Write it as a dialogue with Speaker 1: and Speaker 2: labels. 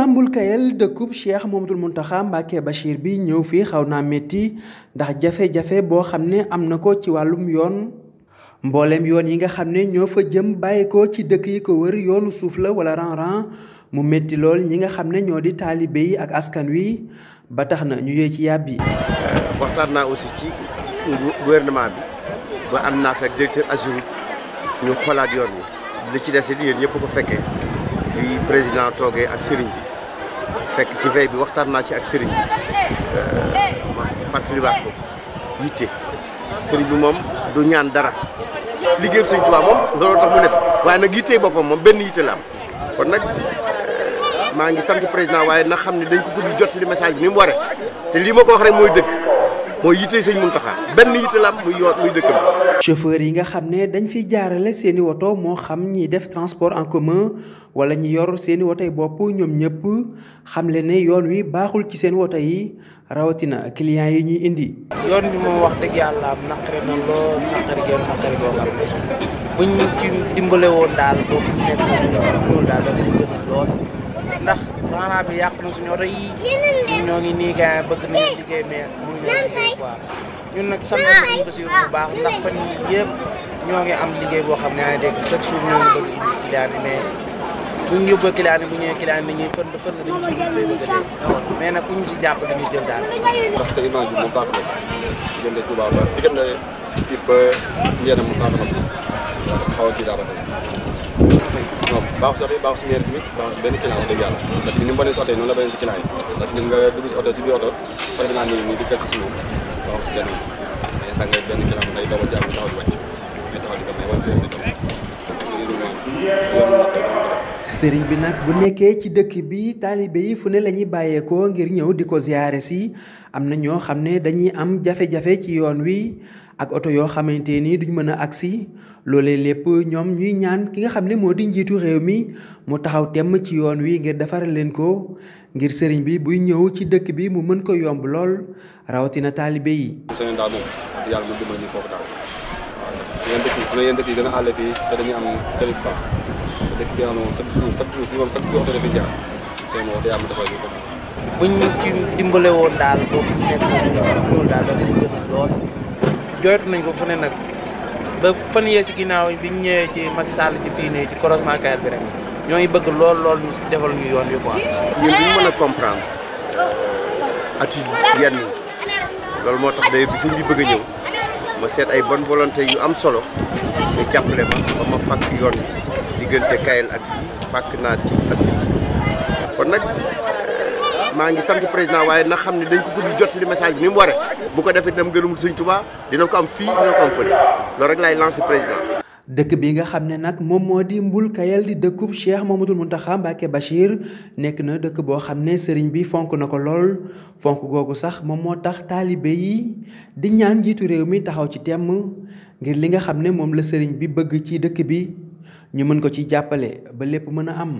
Speaker 1: Touba Mbul Kayel dëkkub Cheikh Mouhamadoul Mountakha Mbacké Bachir bi ñëw fii xaw naa métti ndax jafe-jafe boo xam ne am na ko ci wàllum yoon mbooleem yoon yi nga xam ne ñoo fa jëm bàyyi ko ci dëkk yi ko wër yoonu suuf la wala rang-rang mu métti lool ñi nga xam ne ñoo di taalibe yi ak askan wi ba tax na ñu yee ci yàbb
Speaker 2: waxtaan naa aussi ci gouvernement bi ba am naa fekk directeur Azurut ñu xoolaat yoon wi li ci des it yéen ñëpp ko fekkee bi président toogee fekk ci veille bi waxtaan naa ci ak sëriñ bi euh, fàttaliwaat ko yitte sëriñ bi moom du ñaan dara liggéeyam sëriñ Tuubaa moom looloo tax mu def waaye nag yittee boppam moom benn yitte la am kon nag euh, maa ngi sant président waaye na xam ne dañ ko gudd jot li message bi ni mu waree te lii ma ko wax rek mooy dëgg mooy yitte sëñ Muntaxa benn yitte la muy yoon bi.
Speaker 1: chauffeur yi nga xam ne dañ fiy jaarale seeni woto moo xam ñi def transport en commun wala ñi yor seeni i yi bopp ñoom ñëpp xamle ne yoon wi baaxul ci seen woto yi rawatina clients yi ñuy indi. yoon bi moom wax dëgg yàlla naqari na lool naqari gën naqari boo xam ne
Speaker 2: buñ ci dimbale woon daal boo nekk loolu daal dafa gën a lool ndax maanaam yàq na suñu woto yi. ñoo ngi nii gars bëgg nañu liggéey mais
Speaker 1: mënuñoo liggéey quoi ñun nag sant nañu Basiru bu baax ndax fan yii yëpp ñoo ngi am liggéey boo xam ne yaa ngi dégg chaque jour ñoo ngi bëgg indi client yi mais bu ñëwee client yi
Speaker 2: ñuy fënd fënd dañuy bëgg a dégg mais nag ku ñu si jàpp dañuy jël daal. sa image bi moom baax na diggante Touba ba diggante Pif ba Ndiéna daal non baaxul si oto yi baaxul si mairie bi baaxul si benn client wax dëgg yàlla ndax ni mu bonee si oto yi noonu la bonee si client yi ndax ñun nga dugg si oto si biir oto pare naa nii nii di kër si ci moom baaxul si benn mais sax nga benn client day dogal taxaw di wàcc may wala di
Speaker 1: sëriñ bi nag bu nekkee ci dëkk bi taalibe yi fu ne la bàyyeekoo ngir ñëw di ko ziyaare si am na ñoo xam ne dañuy am jafe-jafe ci yoon wi ak oto yoo xamante ni duñ mën a agsi loolee lépp ñoom ñuy ñaan ki nga xam ne moo di njiitu réew mi mu taxaw temm ci yoon wi ngir defaral leen ko ngir sëriñ bi buy ñëw ci dëkk bi mu mën ko yomb lool rawatina taalibe yi.
Speaker 2: sëriñ daal moom yàlla foofu daal waaw yeneen dëkk yi am na dëkk bi moom chaque jour chaque jour fii moom chaque dimbale woon daal boobu nekk loolu daal dafa ñu nañ ko fu nag ba fan yee si ginnaaw
Speaker 1: biñ ñëwee ci Macky Sall ci fii nii ci croisement Kayar bi rek ñooy bëgg lool lool ñu defal ñu yoon
Speaker 2: wi quoi. ñun ñu mën a comprendre euh, attitude yenn loolu moo tax day bisuñ bi bëgg ñëw ma seet ay bon volonté yu am solo ñu jàppale ma ba ma fàkk yoon diggante Kayel ak fii fàkk naa ci ak fii kon nag euh, maa ngi sant président waaye na xam ne dañ ko gudd jot li message bi ni mu waree bu ko defee dem gënum Sëñ Tuubaa dina ko am fii dina ko am fële loolu rek laay lancé président
Speaker 1: dëkk bi nga xam ne nag moom moo di Mbul Kayel di dëkkub Cheikh mun Mountakha Mbacké Bachir nekk na dëkk boo xam ne sëriñ bi fonk na ko lool fonk googu sax moom moo tax taalibe yi di ñaan njiitu réew mi taxaw ci temm ngir li nga xam ne moom la sëriñ bi bëgg ci dëkk bi ñu mën ko ci jàppale ba lépp mën a am